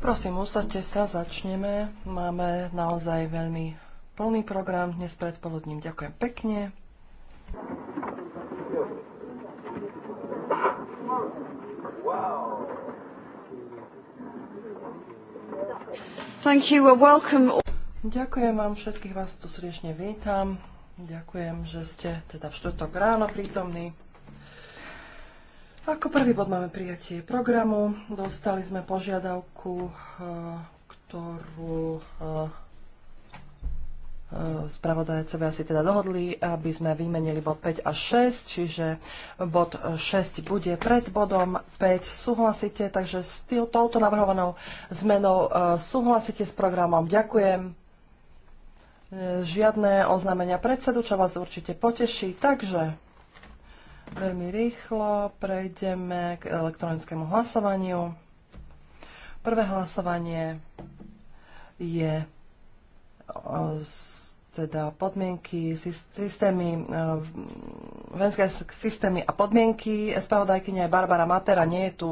Prosím, usadte sa, začneme. Máme naozaj veľmi plný program dnes predpoludním. Ďakujem pekne. Thank you welcome. Ďakujem vám, všetkých vás tu srdečne vítam. Ďakujem, že ste teda v štvrtok ráno prítomní. Ako prvý bod máme prijatie programu. Dostali sme požiadavku, eh, ktorú eh, eh, spravodajcovia si teda dohodli, aby sme vymenili bod 5 a 6, čiže bod 6 bude pred bodom 5. Súhlasíte, takže s touto navrhovanou zmenou súhlasíte s programom. Ďakujem. Žiadne oznámenia predsedu, čo vás určite poteší. Takže Veľmi rýchlo prejdeme k elektronickému hlasovaniu. Prvé hlasovanie je teda podmienky, systémy, e, venské systémy a podmienky. Spravodajkynia je Barbara Matera, nie je tu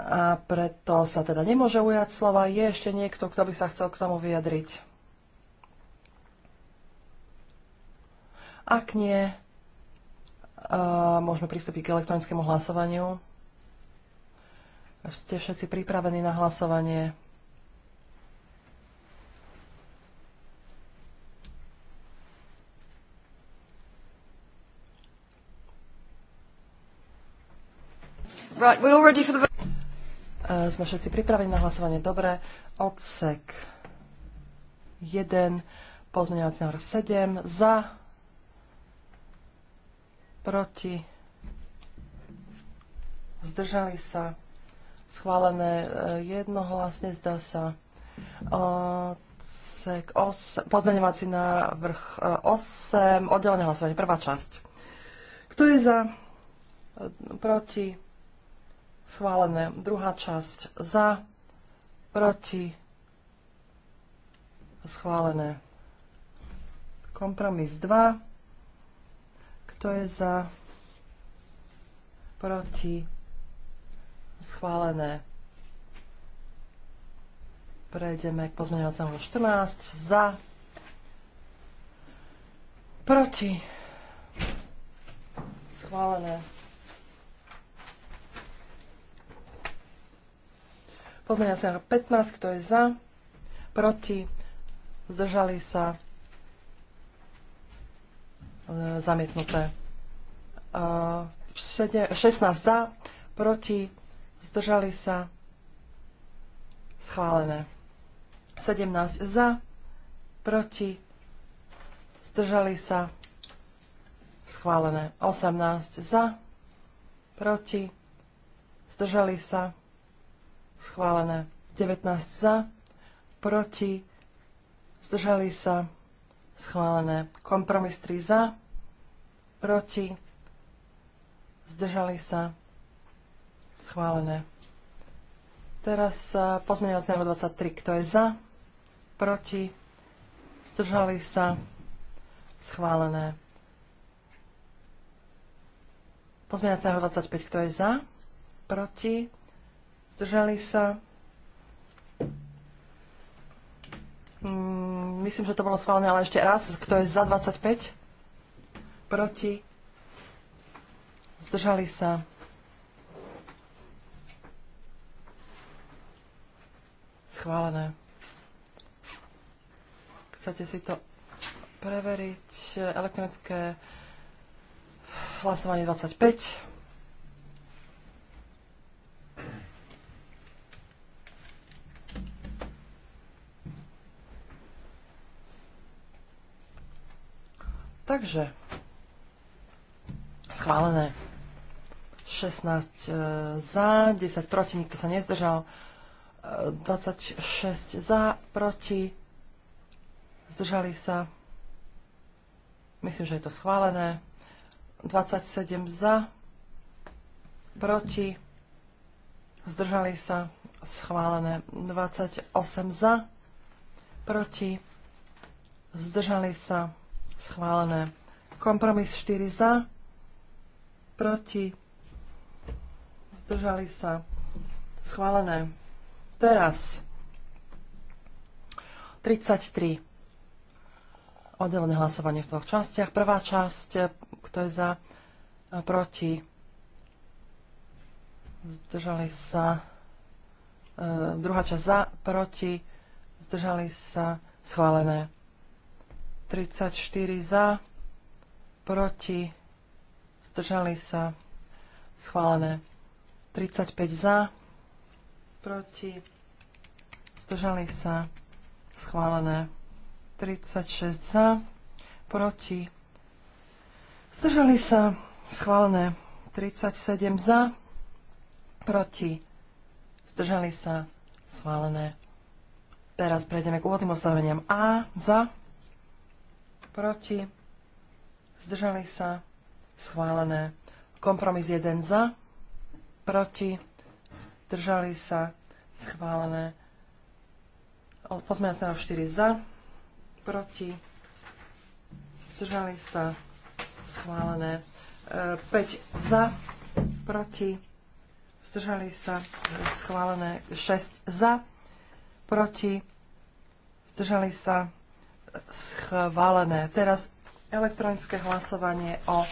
a preto sa teda nemôže ujať slova. Je ešte niekto, kto by sa chcel k tomu vyjadriť? Ak nie, Eh, môžeme pristúpiť k elektronickému hlasovaniu. Ste všetci pripravení na hlasovanie? Right, we're all ready for the... Eh, sme všetci pripravení na hlasovanie. Dobre. Odsek 1, pozmeňovací návrh 7, za, proti, zdržali sa, schválené e, jednohlasne, zdá sa. Odsek 8, podmenovací návrh 8, e, oddelené hlasovanie, prvá časť. Kto je za? E, proti? Schválené. Druhá časť za? Proti? Schválené. Kompromis 2. Kto je za? Proti? Schválené. Prejdeme k pozmeňovacému 14. Za. Proti. Schválené. Pozmeňovací 15. Kto je za? Proti. Zdržali sa. E, zamietnuté. 16 e, za, proti, zdržali sa, schválené. 17 za, proti, zdržali sa, schválené. 18 za, proti, zdržali sa, schválené. 19 za, proti, zdržali sa, schválené schválené. Kompromis 3 za, proti, zdržali sa, schválené. Teraz e, pozmeňovací návrh 23. Kto je za? Proti? Zdržali sa? Schválené. Pozmeňovací návrh 25. Kto je za? Proti? Zdržali sa? Mm, myslím, že to bolo schválené, ale ešte raz. Kto je za 25? Proti? Zdržali sa? Schválené. Chcete si to preveriť? Elektronické hlasovanie 25. Takže schválené. 16 e, za, 10 proti, nikto sa nezdržal. 26 e, za, proti, zdržali sa. Myslím, že je to schválené. 27 za, proti, zdržali sa, schválené. 28 za, proti, zdržali sa, Schválené. Kompromis 4 za. Proti. Zdržali sa. Schválené. Teraz. 33. Oddelené hlasovanie v dvoch častiach. Prvá časť, kto je za, proti. Zdržali sa. E, druhá časť za, proti. Zdržali sa. Schválené. 34 za, proti, zdržali sa, schválené. 35 za, proti, zdržali sa, schválené. 36 za, proti, zdržali sa, schválené. 37 za, proti, zdržali sa, schválené. Teraz prejdeme k úvodným ustanoveniam A, za, proti, zdržali sa, schválené. Kompromis 1 za, proti, zdržali sa, schválené. Pozmeňať sa 4 za, proti, zdržali sa, schválené. 5 e, za, proti, zdržali sa, schválené. 6 za, proti, zdržali sa, schválené. Teraz elektronické hlasovanie o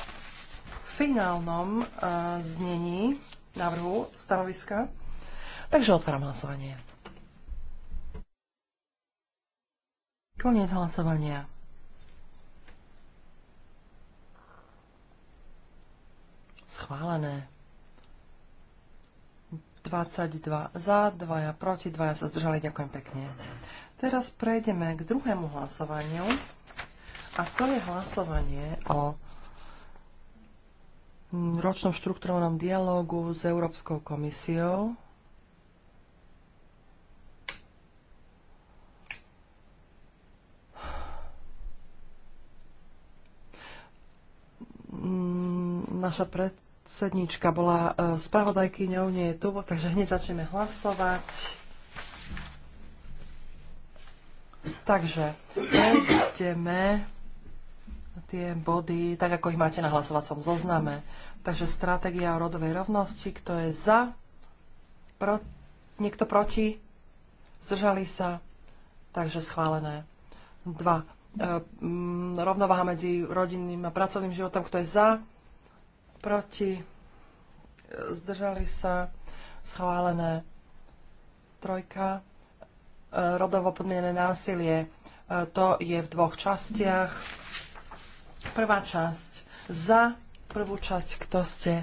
finálnom uh, znení návrhu stanoviska. Takže otváram hlasovanie. Koniec hlasovania. Schválené. 22 za, 2 proti, 2 sa zdržali. Ďakujem pekne. Teraz prejdeme k druhému hlasovaniu a to je hlasovanie o ročnom štruktúrnom dialógu s Európskou komisiou. Naša predsednička bola eh, spravodajkyňou, nie je tu, takže hneď začneme hlasovať. Takže prejdeme tie body, tak ako ich máte na hlasovacom zozname. Takže stratégia o rodovej rovnosti, kto je za, pro, niekto proti, zdržali sa, takže schválené. 2. E, m, rovnováha medzi rodinným a pracovným životom, kto je za, proti, e, zdržali sa, schválené. Trojka rodovo podmienené násilie. E, to je v dvoch častiach. Prvá časť za, prvú časť kto ste,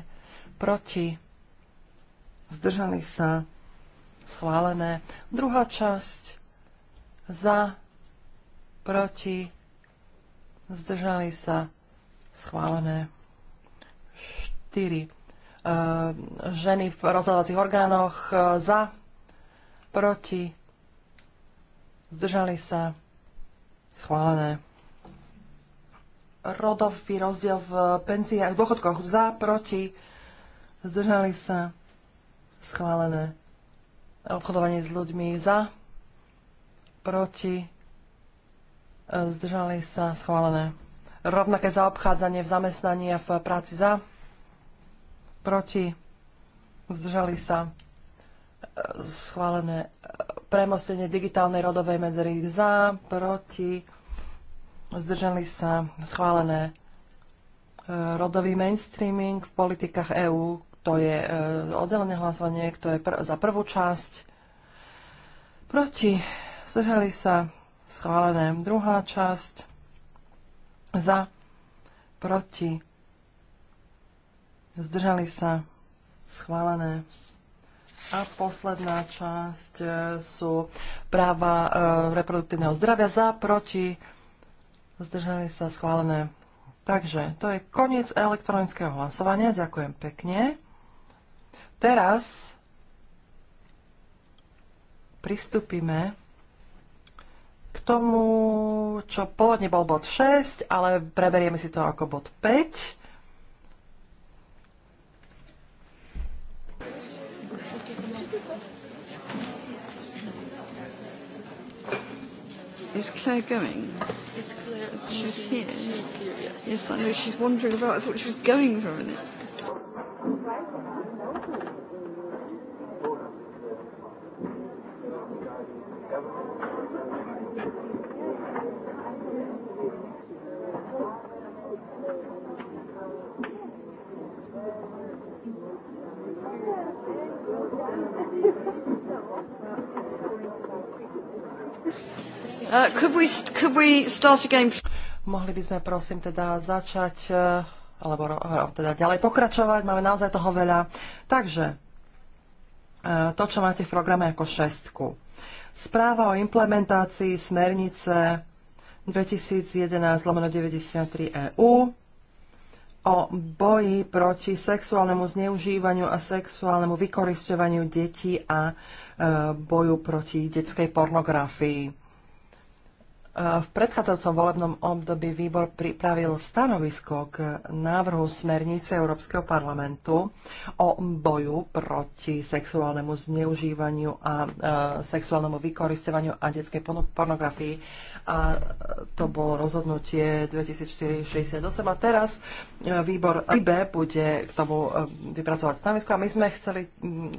proti, zdržali sa, schválené. Druhá časť za, proti, zdržali sa, schválené. 4. E, ženy v rozhodovacích orgánoch e, za, proti, Zdržali sa? Schválené. Rodový rozdiel v penziách, v dôchodkoch za, proti. Zdržali sa? Schválené. Obchodovanie s ľuďmi za, proti. Zdržali sa? Schválené. Rovnaké zaobchádzanie v zamestnaní a v práci za, proti. Zdržali sa? schválené premostenie digitálnej rodovej medzery za, proti, zdržali sa schválené e, rodový mainstreaming v politikách EÚ, to je e, oddelené hlasovanie, kto je pr- za prvú časť, proti, zdržali sa schválené druhá časť, za, proti, zdržali sa schválené a posledná časť e, sú práva e, reproduktívneho zdravia za, proti, zdržali sa schválené. Takže to je koniec elektronického hlasovania. Ďakujem pekne. Teraz pristúpime k tomu, čo pôvodne bol bod 6, ale preberieme si to ako bod 5. Is Claire going? Is Claire? She's here. She's here. Yes. Yes, I know she's wandering about. I thought she was going for a minute. Uh, could we, could we Mohli by sme prosím teda začať, uh, alebo uh, teda ďalej pokračovať, máme naozaj toho veľa. Takže, uh, to, čo máte v programe ako šestku. Správa o implementácii smernice 2011-93 EU o boji proti sexuálnemu zneužívaniu a sexuálnemu vykoristovaniu detí a boju proti detskej pornografii. Eh, v predchádzajúcom volebnom období výbor pripravil stanovisko k návrhu smernice Európskeho parlamentu o boju proti sexuálnemu zneužívaniu a eh, sexuálnemu vykoristovaniu a detskej pornografii. A to bolo rozhodnutie 2468. A teraz eh, výbor IBE bude k tomu vypracovať stanovisko. A my sme chceli k hm,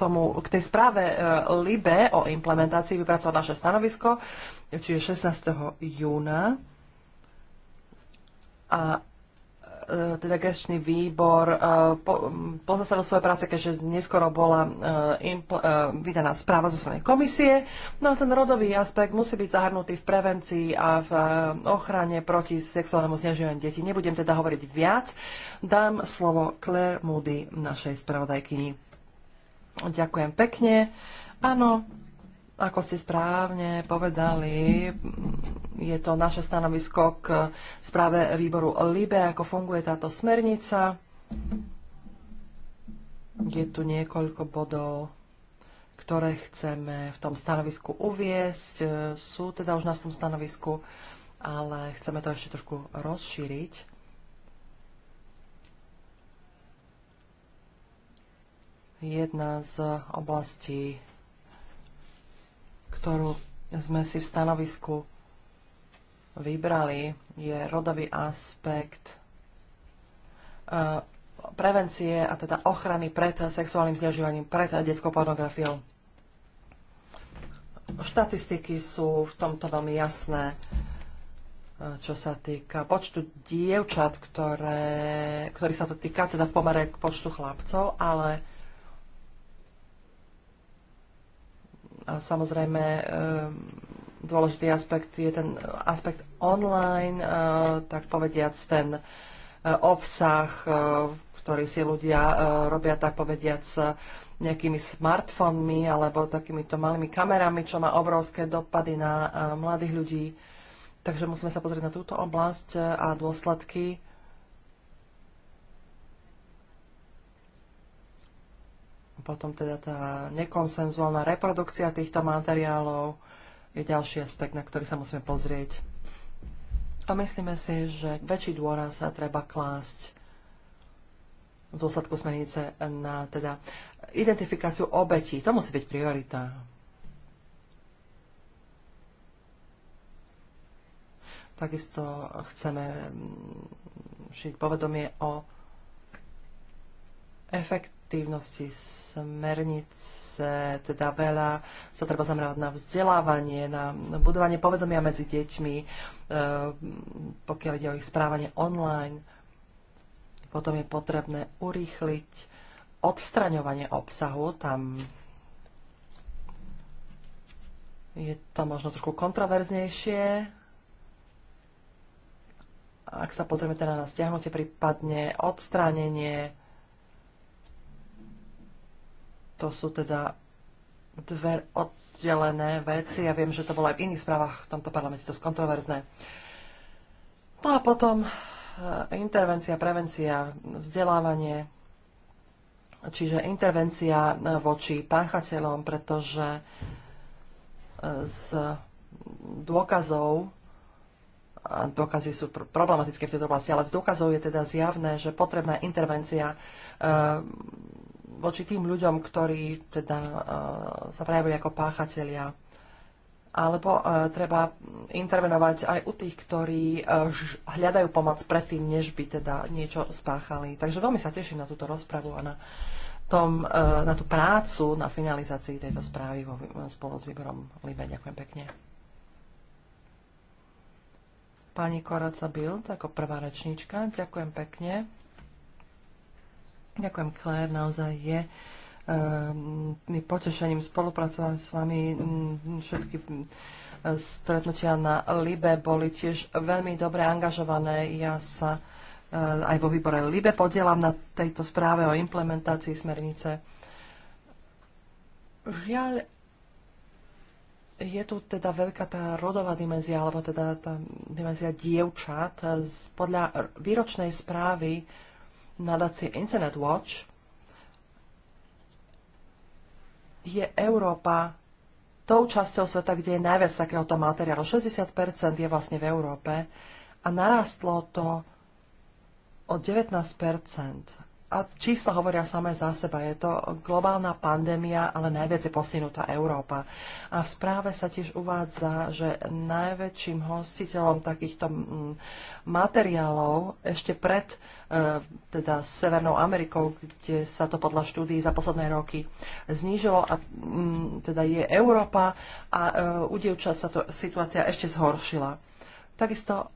tomu, k tej správe e, LIBE o implementácii vypracoval naše stanovisko, čiže 16. júna. A e, teda gestčný výbor e, po, pozastavil svoje práce, keďže neskoro bola vydaná správa zo svojej komisie. No a ten rodový aspekt musí byť zahrnutý v prevencii a v ochrane proti sexuálnemu zneužívaniu detí. Nebudem teda hovoriť viac. Dám slovo Claire Moody, našej spravodajkyni. Ďakujem pekne. Áno, ako ste správne povedali, je to naše stanovisko k správe výboru LIBE, ako funguje táto smernica. Je tu niekoľko bodov, ktoré chceme v tom stanovisku uviesť. Sú teda už na tom stanovisku, ale chceme to ešte trošku rozšíriť. jedna z oblastí, ktorú sme si v stanovisku vybrali, je rodový aspekt e, prevencie a teda ochrany pred sexuálnym zneužívaním, pred detskou pornografiou. Štatistiky sú v tomto veľmi jasné, e, čo sa týka počtu dievčat, ktoré, ktorý sa to týka, teda v pomere k počtu chlapcov, ale Samozrejme, ehm, dôležitý aspekt je ten aspekt online, eh, tak povediac ten eh, obsah, eh, ktorý si ľudia robia, tak povediac nejakými smartfónmi alebo takýmito malými kamerami, čo má obrovské dopady na mladých ľudí. Takže musíme sa pozrieť na túto oblasť a dôsledky Potom teda tá nekonsenzuálna reprodukcia týchto materiálov je ďalší aspekt, na ktorý sa musíme pozrieť. A myslíme si, že väčší dôraz sa treba klásť v dôsledku smernice na teda identifikáciu obetí. To musí byť priorita. Takisto chceme mm, šiť povedomie o efekt efektívnosti smernice, teda veľa sa treba zamerať na vzdelávanie, na budovanie povedomia medzi deťmi, e, pokiaľ ide o ich správanie online. Potom je potrebné urýchliť odstraňovanie obsahu, tam je to možno trošku kontroverznejšie, ak sa pozrieme teda na stiahnutie, prípadne odstránenie to sú teda dve oddelené veci. Ja viem, že to bolo aj v iných správach v tomto parlamente dosť kontroverzné. No a potom e, intervencia, prevencia, vzdelávanie, čiže intervencia e, voči páchateľom, pretože e, z dôkazov, a dôkazy sú pr- problematické v tejto oblasti, ale z dôkazov je teda zjavné, že potrebná intervencia e, voči tým ľuďom, ktorí teda e, sa prejavili ako páchatelia. Alebo e, treba intervenovať aj u tých, ktorí e, hľadajú pomoc predtým, než by teda niečo spáchali. Takže veľmi sa teším na túto rozpravu a na, tom, na tú prácu na finalizácii tejto správy spolu s výborom Libe. Ďakujem pekne. Pani Koraca Bild ako prvá rečníčka. Ďakujem pekne. Ďakujem, Claire, naozaj je ehm, mi potešením spolupracovať s vami. Mm, všetky mm, stretnutia na Libe boli tiež veľmi dobre angažované. Ja sa eh, aj vo výbore LIBE podielam na tejto správe o implementácii smernice. Žiaľ, je tu teda veľká tá rodová dimenzia, alebo teda tá dimenzia dievčat. Podľa výročnej správy nadácie Internet Watch je Európa tou časťou sveta, kde je najviac takéhoto materiálu. 60% je vlastne v Európe a narastlo to o 19% a čísla hovoria samé za seba. Je to globálna pandémia, ale najviac je posunutá Európa. A v správe sa tiež uvádza, že najväčším hostiteľom takýchto mm, materiálov ešte pred e, teda Severnou Amerikou, kde sa to podľa štúdií za posledné roky znížilo a mm, teda je Európa a e, u dievčat sa to situácia ešte zhoršila. Takisto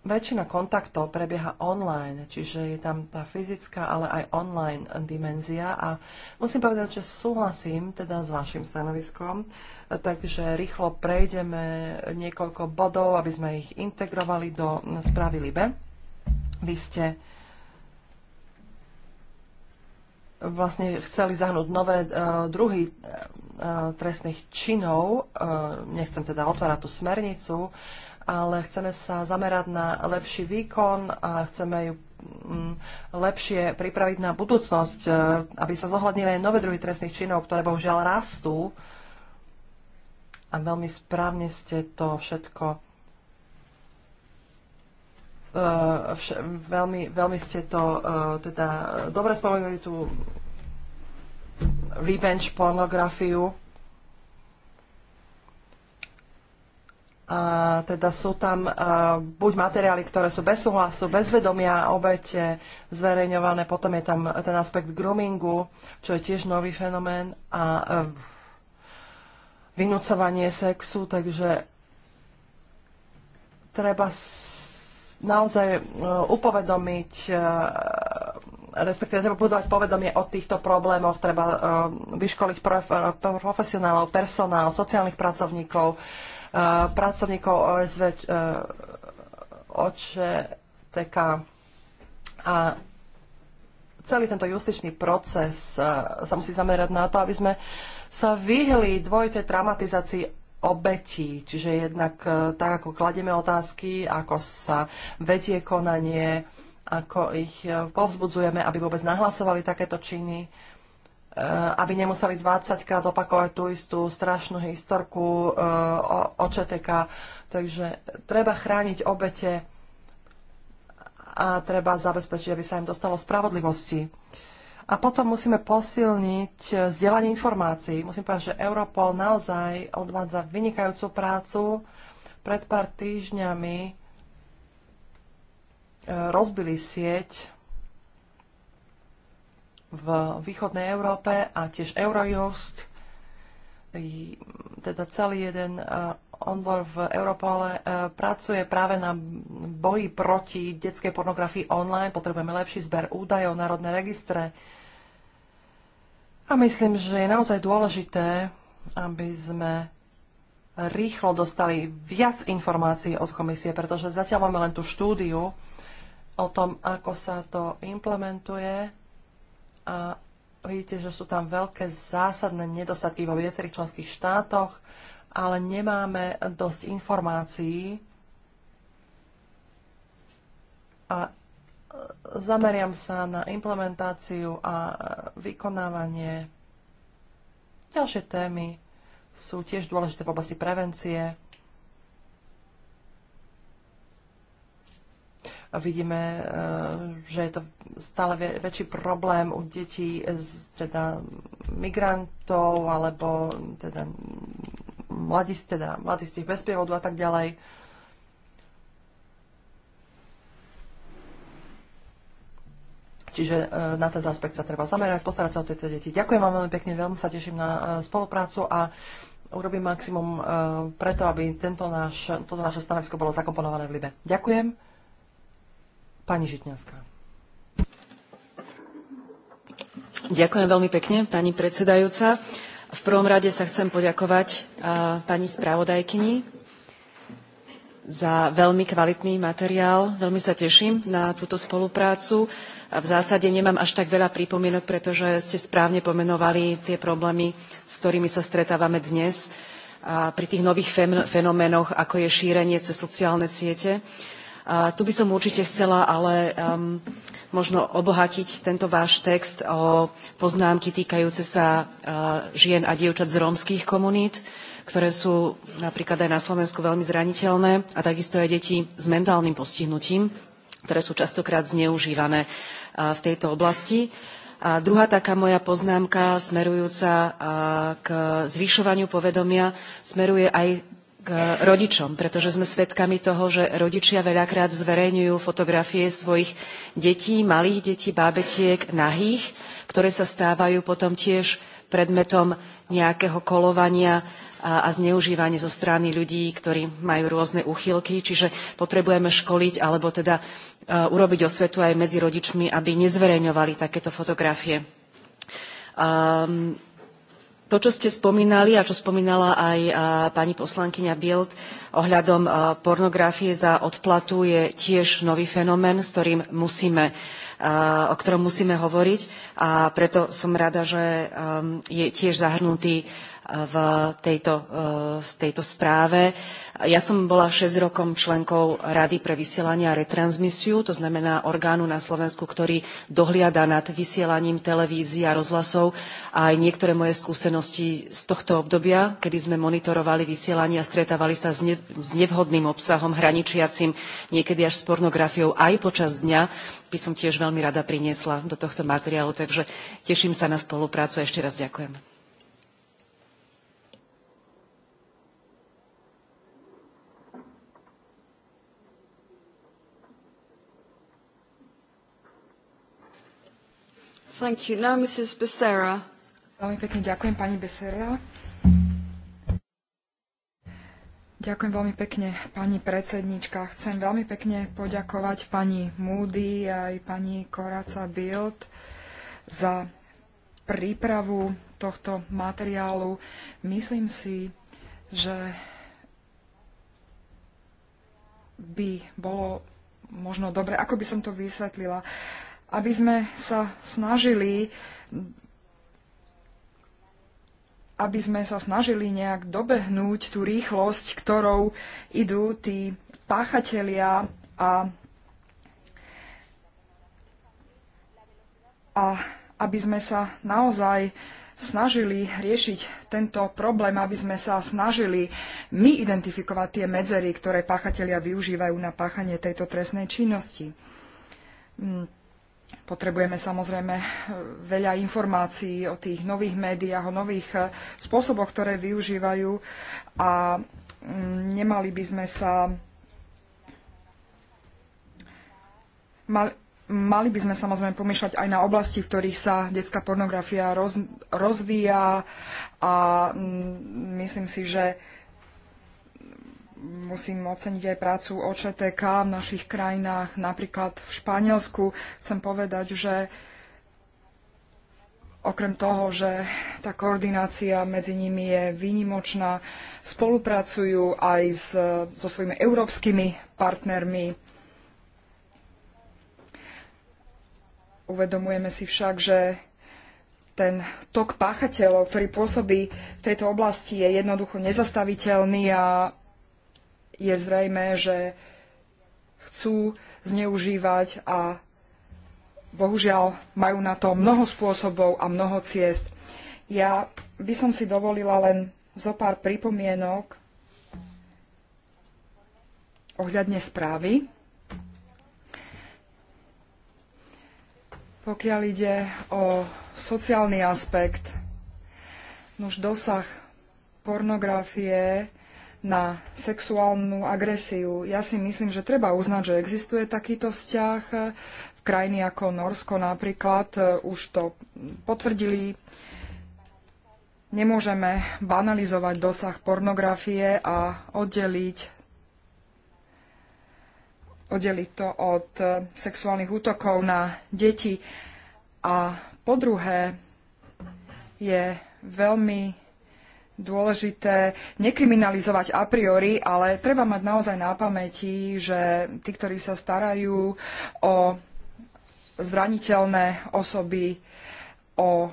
väčšina kontaktov prebieha online, čiže je tam tá fyzická, ale aj online dimenzia a musím povedať, že súhlasím teda s vašim stanoviskom, takže rýchlo prejdeme niekoľko bodov, aby sme ich integrovali do správy LIBE. Vy ste vlastne chceli zahnúť nové uh, druhy uh, trestných činov. Uh, nechcem teda otvárať tú smernicu, uh, ale chceme sa zamerať na lepší výkon a chceme ju mm, lepšie pripraviť na budúcnosť, e, aby sa zohľadnili aj nové druhy trestných činov, ktoré bohužiaľ rastú. A veľmi správne ste to všetko e, veľmi, veľmi ste to e, teda dobre spomenuli tú revenge pornografiu A teda sú tam buď materiály, ktoré sú bez súhlasu, bez vedomia obete zverejňované, potom je tam ten aspekt groomingu, čo je tiež nový fenomén a e, vynúcovanie sexu, takže treba naozaj uh, upovedomiť e, respektíve treba budovať povedomie o týchto problémoch, treba vyškoliť prof, profesionálov, personál, sociálnych pracovníkov, Eh, pracovníkov OSV eh, OČTK a celý tento justičný proces eh, sa musí zamerať na to, aby sme sa vyhli dvojitej traumatizácii obetí. Čiže jednak tak, ako kladieme otázky, ako sa vedie konanie, ako ich povzbudzujeme, aby vôbec nahlasovali takéto činy, Eh, aby nemuseli 20 krát opakovať tú istú strašnú historku eh, o ČTK. Takže treba chrániť obete a treba zabezpečiť, aby sa im dostalo spravodlivosti. A potom musíme posilniť vzdielanie eh, informácií. Musím povedať, že Europol naozaj odvádza vynikajúcu prácu. Pred pár týždňami rozbili sieť v východnej Európe a tiež Eurojust, teda celý jeden e, odbor v Europole e, pracuje práve na boji proti detskej pornografii online. Potrebujeme lepší zber údajov, národné registre. A myslím, že je naozaj dôležité, aby sme rýchlo dostali viac informácií od komisie, pretože zatiaľ máme len tú štúdiu o tom, ako sa to implementuje a vidíte, že sú tam veľké zásadné nedostatky vo viacerých členských štátoch, ale nemáme dosť informácií. A e, zameriam sa na implementáciu a e, vykonávanie. Ďalšie témy sú tiež dôležité v oblasti prevencie Vidíme, e, že je to stále väčší problém u detí, teda migrantov alebo teda mladistých teda, mladistých bez prievodu a tak ďalej. Čiže e, na tento aspekt sa treba zamerať, postarať sa o tieto deti. Ďakujem vám veľmi pekne, veľmi sa teším na e, spoluprácu a urobím maximum preto, aby tento náš, toto naše stanovisko bolo zakomponované v Libe. Ďakujem. Pani Žitňanská. Ďakujem veľmi pekne, pani predsedajúca. V prvom rade sa chcem poďakovať pani spravodajkyni za veľmi kvalitný materiál. Veľmi sa teším na túto spoluprácu. V zásade nemám až tak veľa prípomienok, pretože ste správne pomenovali tie problémy, s ktorými sa stretávame dnes pri tých nových fenoménoch, ako je šírenie cez sociálne siete tu by som určite chcela ale um, možno obohatiť tento váš text o poznámky týkajúce sa uh, žien a dievčat z rómskych komunít, ktoré sú napríklad aj na Slovensku veľmi zraniteľné a takisto aj deti s mentálnym postihnutím, ktoré sú častokrát zneužívané uh, v tejto oblasti. A druhá taká moja poznámka smerujúca uh, k zvyšovaniu povedomia smeruje aj k rodičom, pretože sme svedkami toho, že rodičia veľakrát zverejňujú fotografie svojich detí, malých detí, bábetiek, nahých, ktoré sa stávajú potom tiež predmetom nejakého kolovania a, a zneužívania zo strany ľudí, ktorí majú rôzne úchylky. Čiže potrebujeme školiť alebo teda e, urobiť osvetu aj medzi rodičmi, aby nezverejňovali takéto fotografie. Um, to, čo ste spomínali a čo spomínala aj pani poslankyňa Bild ohľadom pornografie za odplatu je tiež nový fenomén, s ktorým musíme, o ktorom musíme hovoriť a preto som rada, že je tiež zahrnutý v tejto, eh, v tejto správe. Ja som bola 6 rokom členkou Rady pre vysielanie a retransmisiu, to znamená orgánu na Slovensku, ktorý dohliada nad vysielaním televízií a rozhlasov a aj niektoré moje skúsenosti z tohto obdobia, kedy sme monitorovali vysielanie a stretávali sa s, nevhodným obsahom, hraničiacim niekedy až s pornografiou aj počas dňa, by som tiež veľmi rada priniesla do tohto materiálu. Takže teším sa na spoluprácu a ešte raz ďakujem. Thank you. Now Mrs. Becerra. Veľmi pekne ďakujem pani Becerra. Ďakujem veľmi pekne, pani predsednička. Chcem veľmi pekne poďakovať pani Moody aj pani Koraca Bild za prípravu tohto materiálu. Myslím si, že by bolo možno dobre, ako by som to vysvetlila. Uh, aby sme sa snažili aby sme sa snažili nejak dobehnúť tú rýchlosť, ktorou idú tí páchatelia a, a aby sme sa naozaj snažili riešiť tento problém, aby sme sa snažili my identifikovať tie medzery, ktoré páchatelia využívajú na páchanie tejto trestnej činnosti. Mm. Potrebujeme samozrejme eh, veľa informácií o tých nových médiách, o nových eh, spôsoboch, ktoré využívajú a mm, nemali by sme sa mal, mali by sme samozrejme pomýšľať aj na oblasti, v ktorých sa detská pornografia roz, rozvíja a mm, myslím si, že musím oceniť aj prácu OČTK v našich krajinách, napríklad v Španielsku. Chcem povedať, že okrem toho, že tá koordinácia medzi nimi je výnimočná, spolupracujú aj s, so svojimi európskymi partnermi. Uvedomujeme si však, že ten tok páchateľov, ktorý pôsobí v tejto oblasti, je jednoducho nezastaviteľný a je zrejme, že chcú zneužívať a bohužiaľ majú na to mnoho spôsobov a mnoho ciest. Ja by som si dovolila len zo pár pripomienok ohľadne správy. Pokiaľ ide o sociálny aspekt, už dosah pornografie na sexuálnu agresiu. Ja si myslím, že treba uznať, že existuje takýto vzťah. V krajiny ako Norsko napríklad e, už to potvrdili. Nemôžeme banalizovať dosah pornografie a oddeliť oddeliť to od e, sexuálnych útokov na deti. A po druhé, je veľmi dôležité nekriminalizovať a priori, ale treba mať naozaj na pamäti, že tí, ktorí sa starajú o zraniteľné osoby, o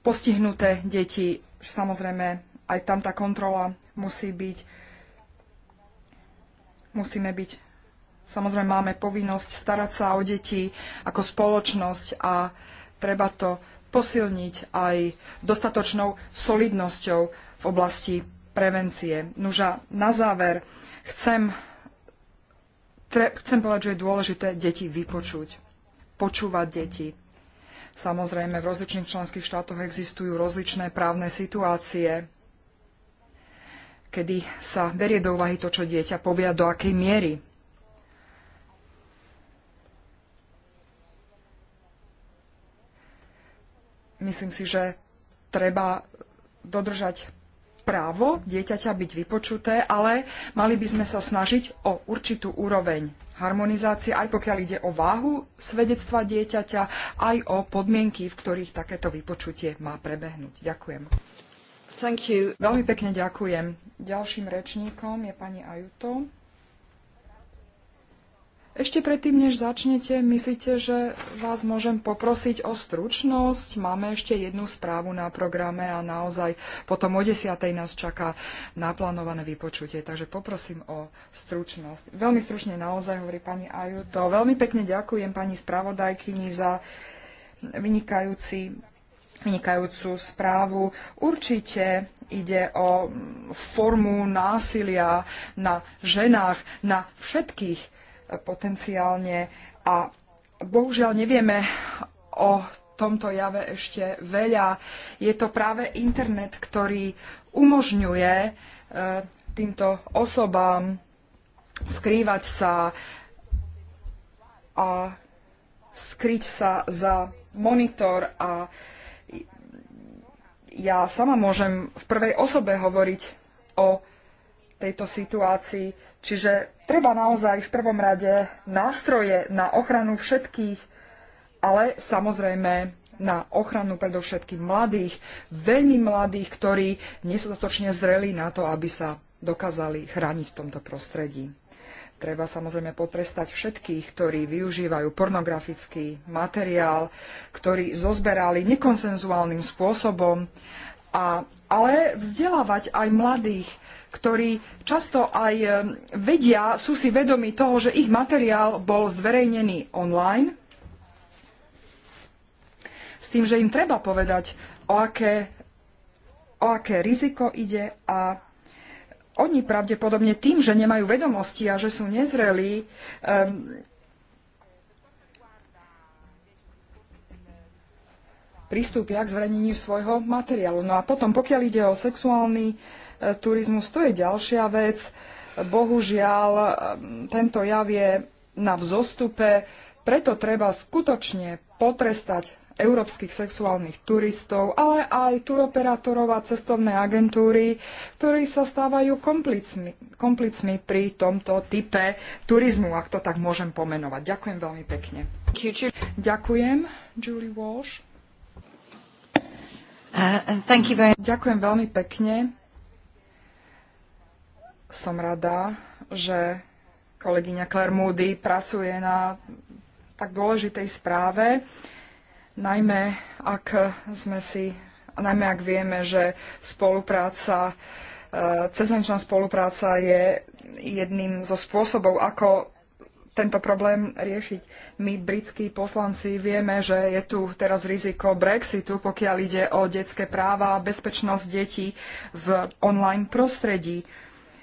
postihnuté deti, samozrejme aj tam tá kontrola musí byť. Musíme byť, samozrejme máme povinnosť starať sa o deti ako spoločnosť a treba to posilniť aj dostatočnou solidnosťou v oblasti prevencie. Nuža, na záver chcem, tre, chcem povedať, že je dôležité deti vypočuť, počúvať deti. Samozrejme, v rozličných členských štátoch existujú rozličné právne situácie, kedy sa berie do úvahy to, čo dieťa povia, do akej miery myslím si, že treba dodržať právo dieťaťa byť vypočuté, ale mali by sme sa snažiť o určitú úroveň harmonizácie, aj pokiaľ ide o váhu svedectva dieťaťa, aj o podmienky, v ktorých takéto vypočutie má prebehnúť. Ďakujem. Veľmi pekne ďakujem. Ďalším rečníkom je pani Ajuto. Ešte predtým, než začnete, myslíte, že vás môžem poprosiť o stručnosť? Máme ešte jednu správu na programe a naozaj potom o desiatej nás čaká naplánované vypočutie. Takže poprosím o stručnosť. Veľmi stručne naozaj, hovorí pani Ajuto. Veľmi pekne ďakujem pani spravodajkyni za vynikajúci vynikajúcu správu. Určite ide o formu násilia na ženách, na všetkých potenciálne a bohužiaľ nevieme o tomto jave ešte veľa. Je to práve internet, ktorý umožňuje e, týmto osobám skrývať sa a skryť sa za monitor a ja sama môžem v prvej osobe hovoriť o tejto situácii. Čiže treba naozaj v prvom rade nástroje na ochranu všetkých, ale samozrejme na ochranu predovšetkým mladých, veľmi mladých, ktorí nie sú dostatočne zrelí na to, aby sa dokázali chrániť v tomto prostredí. Treba samozrejme potrestať všetkých, ktorí využívajú pornografický materiál, ktorý zozberali nekonsenzuálnym spôsobom, a, ale vzdelávať aj mladých, ktorí často aj e, vedia, sú si vedomi toho, že ich materiál bol zverejnený online, s tým, že im treba povedať, o aké, o aké riziko ide a oni pravdepodobne tým, že nemajú vedomosti a že sú nezrelí, um, pristúpia k zverejneniu svojho materiálu. No a potom, pokiaľ ide o sexuálny uh, turizmus. To je ďalšia vec. Bohužiaľ, tento jav je na vzostupe, preto treba skutočne potrestať európskych sexuálnych turistov, ale aj turoperátorov a cestovné agentúry, ktorí sa stávajú komplicmi, komplicmi pri tomto type turizmu, ak to tak môžem pomenovať. Ďakujem veľmi pekne. Ďakujem, Julie Walsh. Uh, Ďakujem veľmi pekne som rada, že kolegyňa Claire Moody pracuje na tak dôležitej správe, najmä ak sme si, najmä ak vieme, že spolupráca, e, cezhraničná spolupráca je jedným zo spôsobov, ako tento problém riešiť. My, britskí poslanci, vieme, že je tu teraz riziko Brexitu, pokiaľ ide o detské práva a bezpečnosť detí v online prostredí.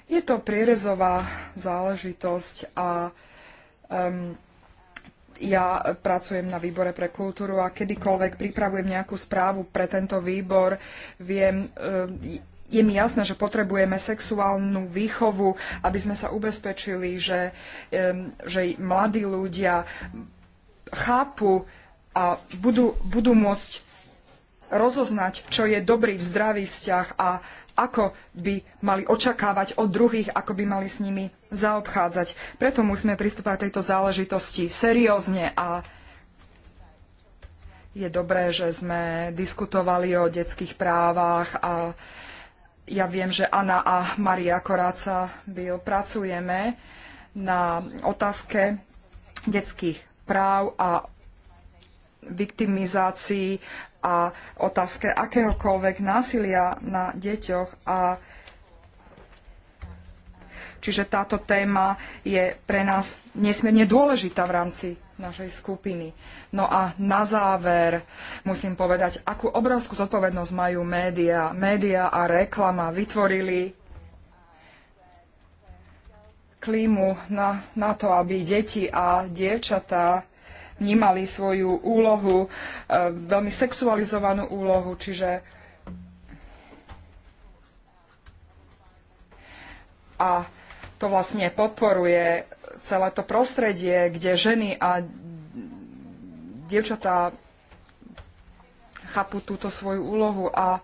Je to prierezová záležitosť a um, ja pracujem na výbore pre kultúru a kedykoľvek pripravujem nejakú správu pre tento výbor, viem, je mi jasné, že potrebujeme sexuálnu výchovu, aby sme sa ubezpečili, že, že mladí ľudia chápu a budú, budú môcť rozoznať, čo je dobrý v zdravý vzťah a ako by mali očakávať od druhých, ako by mali s nimi zaobchádzať. Preto musíme pristúpať k tejto záležitosti seriózne a je dobré, že sme diskutovali o detských právach a ja viem, že Anna a Maria Koráca byl pracujeme na otázke detských práv a viktimizácii a otázke akéhokoľvek násilia na deťoch a Čiže táto téma je pre nás nesmierne dôležitá v rámci našej skupiny. No a na záver musím povedať, akú obrovskú zodpovednosť majú médiá. Média a reklama vytvorili klímu na, na to, aby deti a dievčatá vnímali svoju úlohu, e, veľmi sexualizovanú úlohu, čiže a to vlastne podporuje celé to prostredie, kde ženy a dievčatá chápu túto svoju úlohu a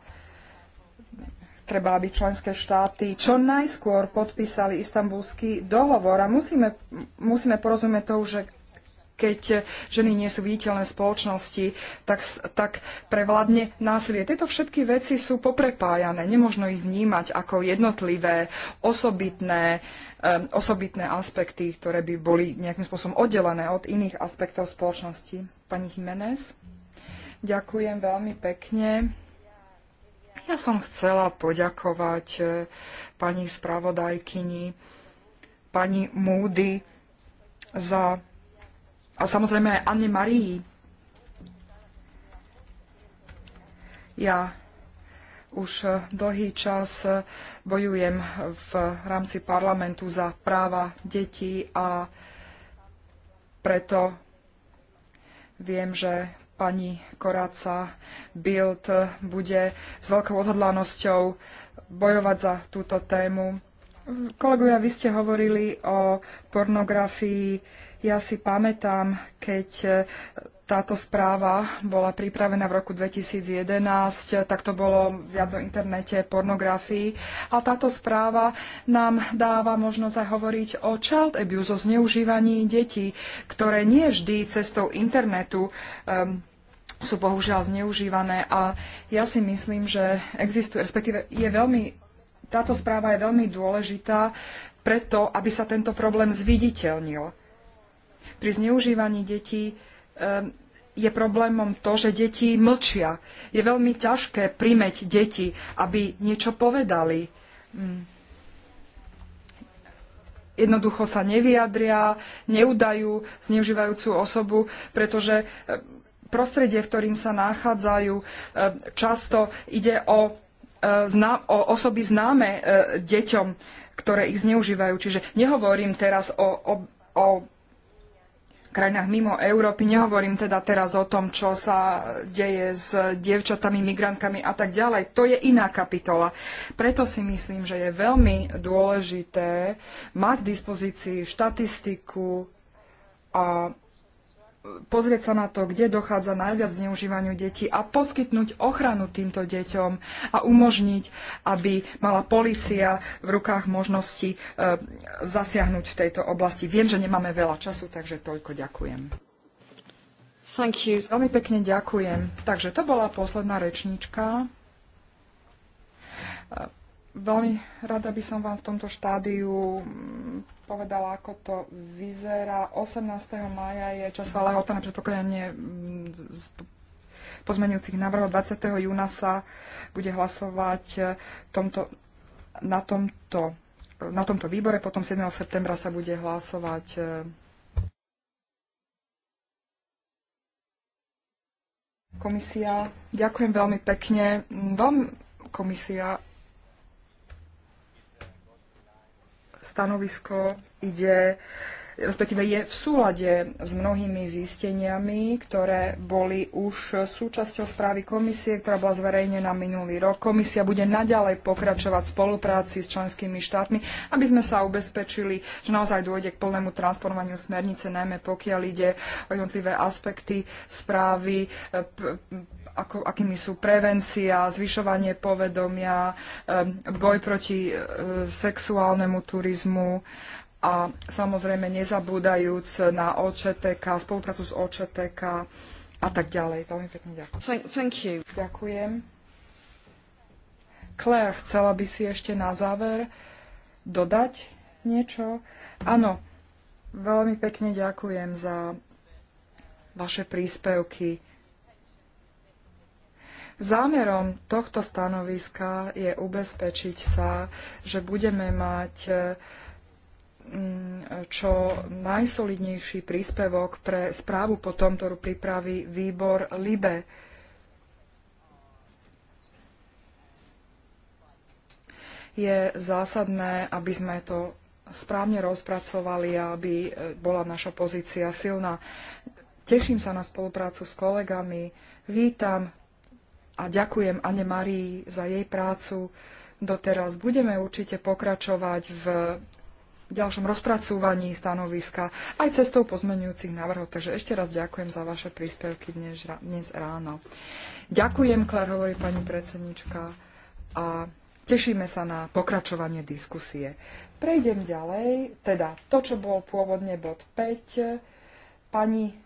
treba, aby členské štáty čo najskôr podpísali istambulský dohovor a musíme, musíme porozumieť to, že keď ženy nie sú viditeľné v spoločnosti, tak, tak prevládne násilie. Tieto všetky veci sú poprepájané, nemožno ich vnímať ako jednotlivé, osobitné, um, osobitné aspekty, ktoré by boli nejakým spôsobom oddelené od iných aspektov spoločnosti. Pani Jiménez, ďakujem veľmi pekne. Ja som chcela poďakovať e, pani spravodajkyni, pani Múdy za a samozrejme aj Anne Marii. Ja už eh, dlhý čas eh, bojujem v rámci parlamentu za práva detí a preto viem, že pani Koráca Bild eh, bude s veľkou odhodlanosťou bojovať za túto tému. Kolegovia, vy ste hovorili o pornografii ja si pamätám, keď e, táto správa bola pripravená v roku 2011, tak to bolo viac o internete, pornografii. A táto správa nám dáva možnosť aj hovoriť o child abuse, o zneužívaní detí, ktoré nie vždy cestou internetu um, sú bohužiaľ zneužívané. A ja si myslím, že existuje, respektíve je veľmi, táto správa je veľmi dôležitá preto, aby sa tento problém zviditeľnil pri zneužívaní detí ehm, je problémom to, že deti mlčia. Je veľmi ťažké primeť deti, aby niečo povedali. Mm. Jednoducho sa nevyjadria, neudajú zneužívajúcu osobu, pretože ehm, prostredie, v ktorým sa nachádzajú, ehm, často ide o, o osoby známe deťom, ktoré ich zneužívajú. Čiže nehovorím teraz o, o, o krajinách mimo Európy. Nehovorím teda teraz o tom, čo sa deje s dievčatami, migrantkami a tak ďalej. To je iná kapitola. Preto si myslím, že je veľmi dôležité mať k dispozícii štatistiku a pozrieť sa na to, kde dochádza najviac zneužívaniu detí a poskytnúť ochranu týmto deťom a umožniť, aby mala policia v rukách možnosti e, zasiahnuť v tejto oblasti. Viem, že nemáme veľa času, takže toľko ďakujem. Thank you. Veľmi pekne ďakujem. Takže to bola posledná rečníčka. E, Veľmi rada by som vám v tomto štádiu mm, povedala, ako to vyzerá. 18. maja je časová lehota na predpokladanie mm, pozmenujúcich návrhov. 20. júna sa bude hlasovať e, tomto, na, tomto, na tomto výbore, potom 7. septembra sa bude hlasovať e, komisia. Ďakujem veľmi pekne. Mm, veľmi komisia stanovisko ide respektíve je v súlade s mnohými zisteniami, ktoré boli už súčasťou správy komisie, ktorá bola zverejnená minulý rok. Komisia bude naďalej pokračovať v spolupráci s členskými štátmi, aby sme sa ubezpečili, že naozaj dôjde k plnému transformovaniu smernice, najmä pokiaľ ide o jednotlivé aspekty správy, ako, akými sú prevencia, zvyšovanie povedomia, boj proti e, sexuálnemu turizmu a samozrejme nezabúdajúc na OČTK, spoluprácu s OČTK a tak ďalej. Veľmi pekne ďakujem. Thank, thank you. Ďakujem. Claire, chcela by si ešte na záver dodať niečo? Áno, veľmi pekne ďakujem za vaše príspevky Zámerom tohto stanoviska je ubezpečiť sa, že budeme mať e, mm, čo najsolidnejší príspevok pre správu potom, ktorú pripraví výbor LIBE. Je zásadné, aby sme to správne rozpracovali a aby e, bola naša pozícia silná. Teším sa na spoluprácu s kolegami, vítam a ďakujem Anne Marii za jej prácu doteraz. Budeme určite pokračovať v ďalšom rozpracúvaní stanoviska aj cestou pozmenujúcich návrhov. Takže ešte raz ďakujem za vaše príspevky dnes, dnes ráno. Ďakujem, Klar, hovorí pani predsednička a tešíme sa na pokračovanie diskusie. Prejdem ďalej, teda to, čo bol pôvodne bod 5, pani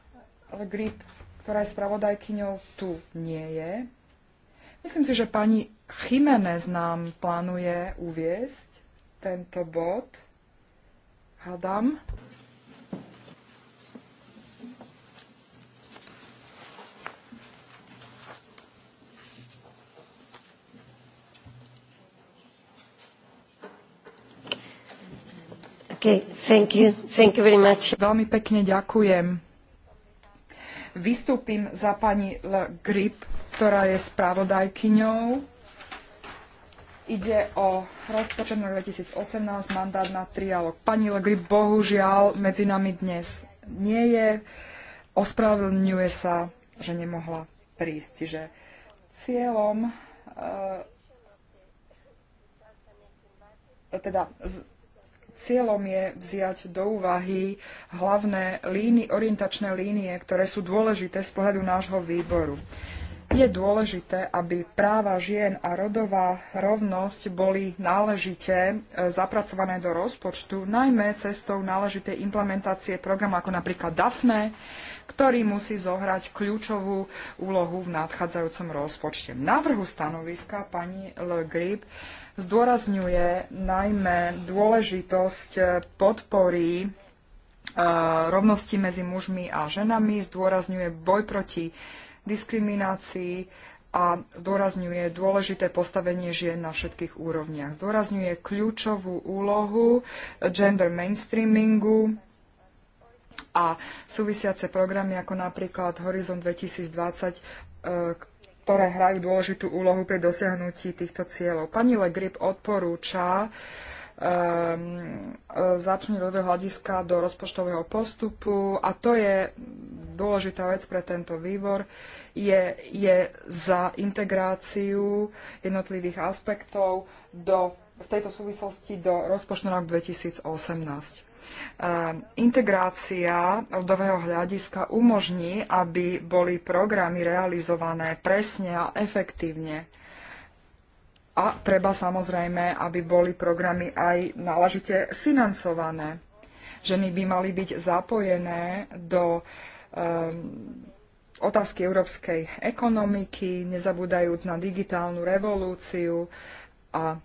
Grip, ktorá je spravodajkyňou, tu nie je. Myslím si, že pani Chimenez nám plánuje uviesť tento bod. Hadam. Okay, thank you. Thank you very much. Veľmi pekne ďakujem. Vystúpim za pani Le Grip ktorá je spravodajkyňou, Ide o rozpočet na 2018, mandát na trialog. Pani Legri, bohužiaľ medzi nami dnes nie je. Ospravedlňuje sa, že nemohla prísť. Že cieľom e, teda z, cieľom je vziať do úvahy hlavné líny, orientačné línie, ktoré sú dôležité z pohľadu nášho výboru je dôležité, aby práva žien a rodová rovnosť boli náležite e, zapracované do rozpočtu, najmä cestou náležitej implementácie programu ako napríklad DAFNE, ktorý musí zohrať kľúčovú úlohu v nadchádzajúcom rozpočte. V návrhu stanoviska pani Le Grip zdôrazňuje najmä dôležitosť e, podpory e, rovnosti medzi mužmi a ženami, zdôrazňuje boj proti diskriminácii a zdôrazňuje dôležité postavenie žien na všetkých úrovniach. Zdôrazňuje kľúčovú úlohu gender mainstreamingu a súvisiace programy ako napríklad Horizon 2020, e, ktoré hrajú dôležitú úlohu pri dosiahnutí týchto cieľov. Pani Legrip odporúča Ehm, začne do hľadiska do rozpočtového postupu a to je dôležitá vec pre tento výbor, je, je za integráciu jednotlivých aspektov do, v tejto súvislosti do rozpočtu rok 2018. Ehm, integrácia rodového hľadiska umožní, aby boli programy realizované presne a efektívne a treba samozrejme, aby boli programy aj náležite financované. Ženy by mali byť zapojené do um, otázky európskej ekonomiky, nezabúdajúc na digitálnu revolúciu a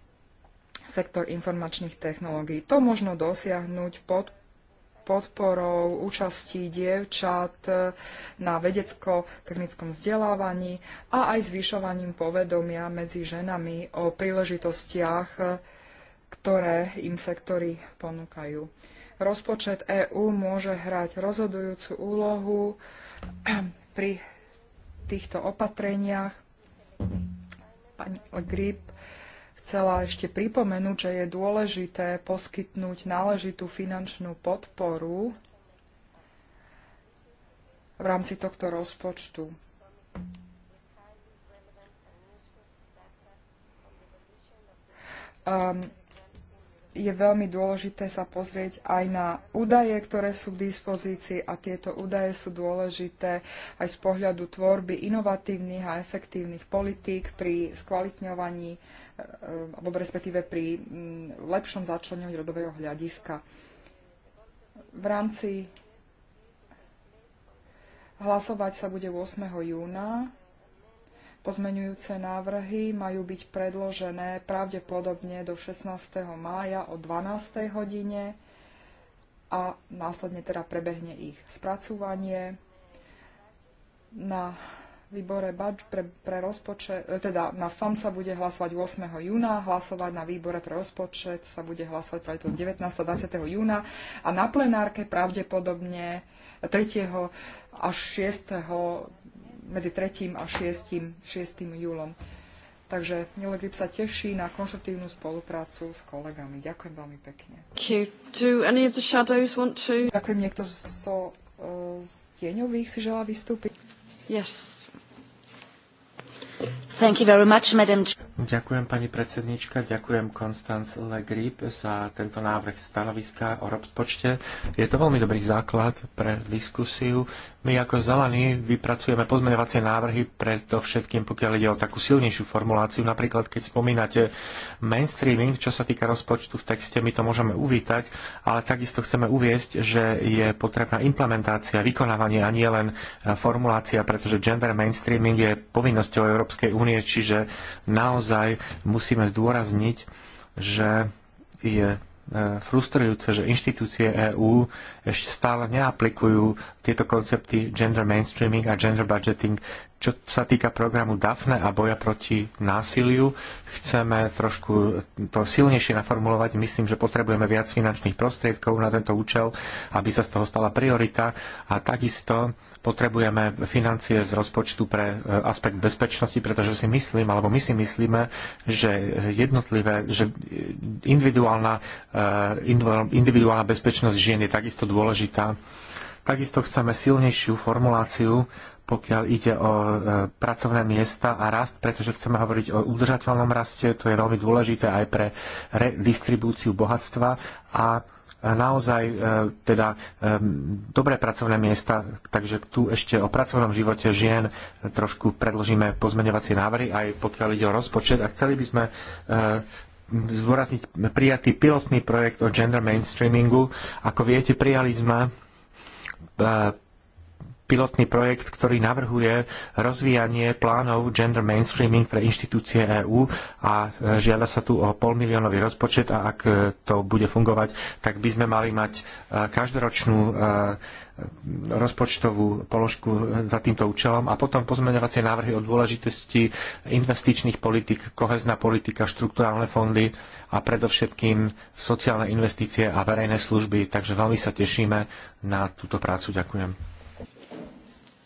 sektor informačných technológií. To možno dosiahnuť pod podporou účasti dievčat e, na vedecko-technickom vzdelávaní a aj zvyšovaním povedomia medzi ženami o príležitostiach, e, ktoré im sektory ponúkajú. Rozpočet EÚ môže hrať rozhodujúcu úlohu pri týchto opatreniach. Pani Grip chcela ešte pripomenúť, že je dôležité poskytnúť náležitú finančnú podporu v rámci tohto rozpočtu. Um, je veľmi dôležité sa pozrieť aj na údaje, ktoré sú k dispozícii a tieto údaje sú dôležité aj z pohľadu tvorby inovatívnych a efektívnych politík pri skvalitňovaní Eh, alebo respektíve pri mm, lepšom začlenení rodového hľadiska. V rámci hlasovať sa bude 8. júna. Pozmenujúce návrhy majú byť predložené pravdepodobne do 16. mája o 12. hodine a následne teda prebehne ich spracúvanie na výbore BAČ pre, pre rozpočet, e, teda na FAM sa bude hlasovať 8. júna, hlasovať na výbore pre rozpočet sa bude hlasovať pravdepodobne 19. a 20. júna a na plenárke pravdepodobne 3. až 6. medzi 3. a 6. 6. júlom. Takže Milo Grip sa teší na konštruktívnu spoluprácu s kolegami. Ďakujem veľmi pekne. Ďakujem. Niekto zo so, e, uh, z tieňových si želá vystúpiť? Yes. Thank you very much, madam. Ďakujem pani predsednička, ďakujem Konstanz Legrip za tento návrh stanoviska o rozpočte. Je to veľmi dobrý základ pre diskusiu. My ako zelení vypracujeme pozmeňovacie návrhy, to všetkým, pokiaľ ide o takú silnejšiu formuláciu, napríklad keď spomínate mainstreaming, čo sa týka rozpočtu v texte, my to môžeme uvítať, ale takisto chceme uviesť, že je potrebná implementácia, vykonávanie a nie len eh, formulácia, pretože gender mainstreaming je povinnosťou Európskej únie, čiže naozaj naozaj musíme zdôrazniť, že je e, frustrujúce, že inštitúcie EÚ ešte stále neaplikujú tieto koncepty gender mainstreaming a gender budgeting čo sa týka programu DAFNE a boja proti násiliu, chceme trošku to silnejšie naformulovať. Myslím, že potrebujeme viac finančných prostriedkov na tento účel, aby sa z toho stala priorita a takisto potrebujeme financie z rozpočtu pre e, aspekt bezpečnosti, pretože si myslím, alebo my si myslíme, že jednotlivé, že individuálna, e, individuálna bezpečnosť žien je takisto dôležitá. Takisto chceme silnejšiu formuláciu pokiaľ ide o e, pracovné miesta a rast, pretože chceme hovoriť o udržateľnom raste, to je veľmi dôležité aj pre redistribúciu bohatstva a e, naozaj e, teda dobré pracovné miesta, takže tu ešte o pracovnom živote žien trošku predložíme pozmeňovacie návrhy, aj pokiaľ ide o rozpočet a chceli by sme zdôrazniť prijatý pilotný projekt o gender mainstreamingu. Ako viete, prijali sme pilotný projekt, ktorý navrhuje rozvíjanie plánov gender mainstreaming pre inštitúcie EÚ a e, žiada sa tu o polmiliónový rozpočet a ak e, to bude fungovať, tak by sme mali mať e, každoročnú rozpočtovú položku za týmto účelom a potom pozmeňovacie návrhy o dôležitosti investičných politik, kohezná politika, štruktúrálne fondy a predovšetkým sociálne investície a verejné služby. Takže veľmi sa tešíme na túto prácu. Ďakujem.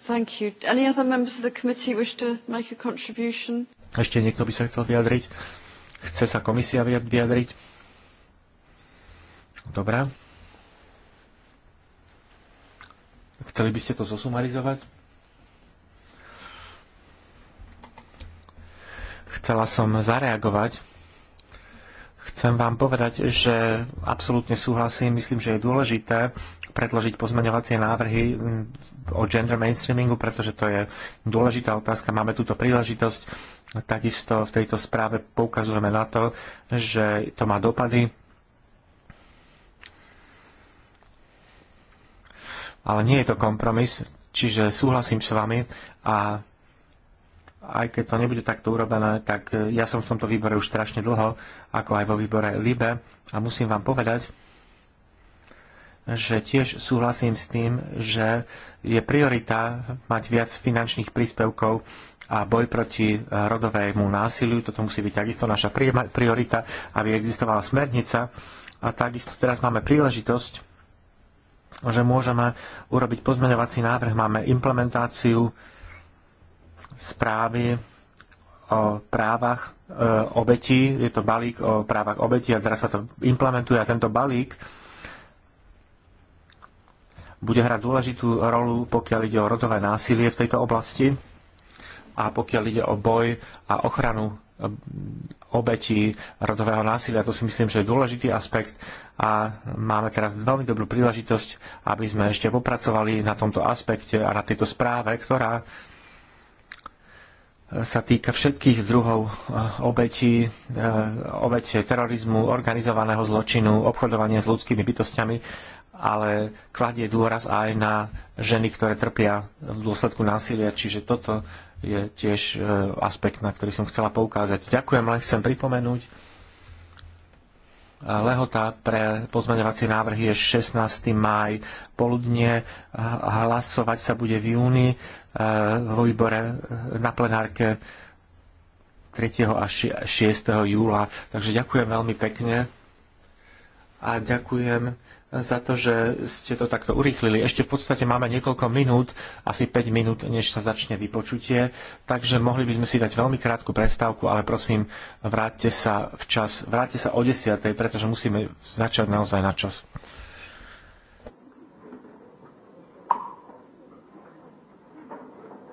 Thank you. Any other members of the committee wish to make a contribution? Ešte niekto by sa chcel vyjadriť? Chce sa komisia vyjadriť? Dobrá. Chceli by ste to zosumarizovať? Chcela som zareagovať Chcem vám povedať, že absolútne súhlasím. Myslím, že je dôležité predložiť pozmeňovacie návrhy mm, o gender mainstreamingu, pretože to je dôležitá otázka. Máme túto príležitosť. Takisto v tejto správe poukazujeme na to, že to má dopady. Ale nie je to kompromis, čiže súhlasím s vami a aj keď to nebude takto urobené, tak e, ja som v tomto výbore už strašne dlho, ako aj vo výbore LIBE a musím vám povedať, že tiež súhlasím s tým, že je priorita mať viac finančných príspevkov a boj proti e, rodovému násiliu. Toto musí byť takisto naša priorita, aby existovala smernica. A takisto teraz máme príležitosť, že môžeme urobiť pozmeňovací návrh, máme implementáciu správy o právach e, obetí, je to balík o právach obetí a teraz sa to implementuje a tento balík bude hrať dôležitú rolu, pokiaľ ide o rodové násilie v tejto oblasti a pokiaľ ide o boj a ochranu e, obetí rodového násilia. To si myslím, že je dôležitý aspekt a máme teraz veľmi dobrú príležitosť, aby sme ešte popracovali na tomto aspekte a na tejto správe, ktorá sa týka všetkých druhov e, obetí, e, obete terorizmu, organizovaného zločinu, obchodovania s ľudskými bytostiami, ale kladie dôraz aj na ženy, ktoré trpia v dôsledku násilia. Čiže toto je tiež e, aspekt, na ktorý som chcela poukázať. Ďakujem, len chcem pripomenúť. Lehota pre pozmeňovacie návrhy je 16. maj poludne. Hlasovať sa bude v júni vo výbore eh, na plenárke 3. až 6. júla. Takže ďakujem veľmi pekne a ďakujem za to, že ste to takto urýchlili. Ešte v podstate máme niekoľko minút, asi 5 minút, než sa začne vypočutie, takže mohli by sme si dať veľmi krátku prestávku, ale prosím, vráťte sa včas, vráťte sa o 10, pretože musíme začať naozaj na čas.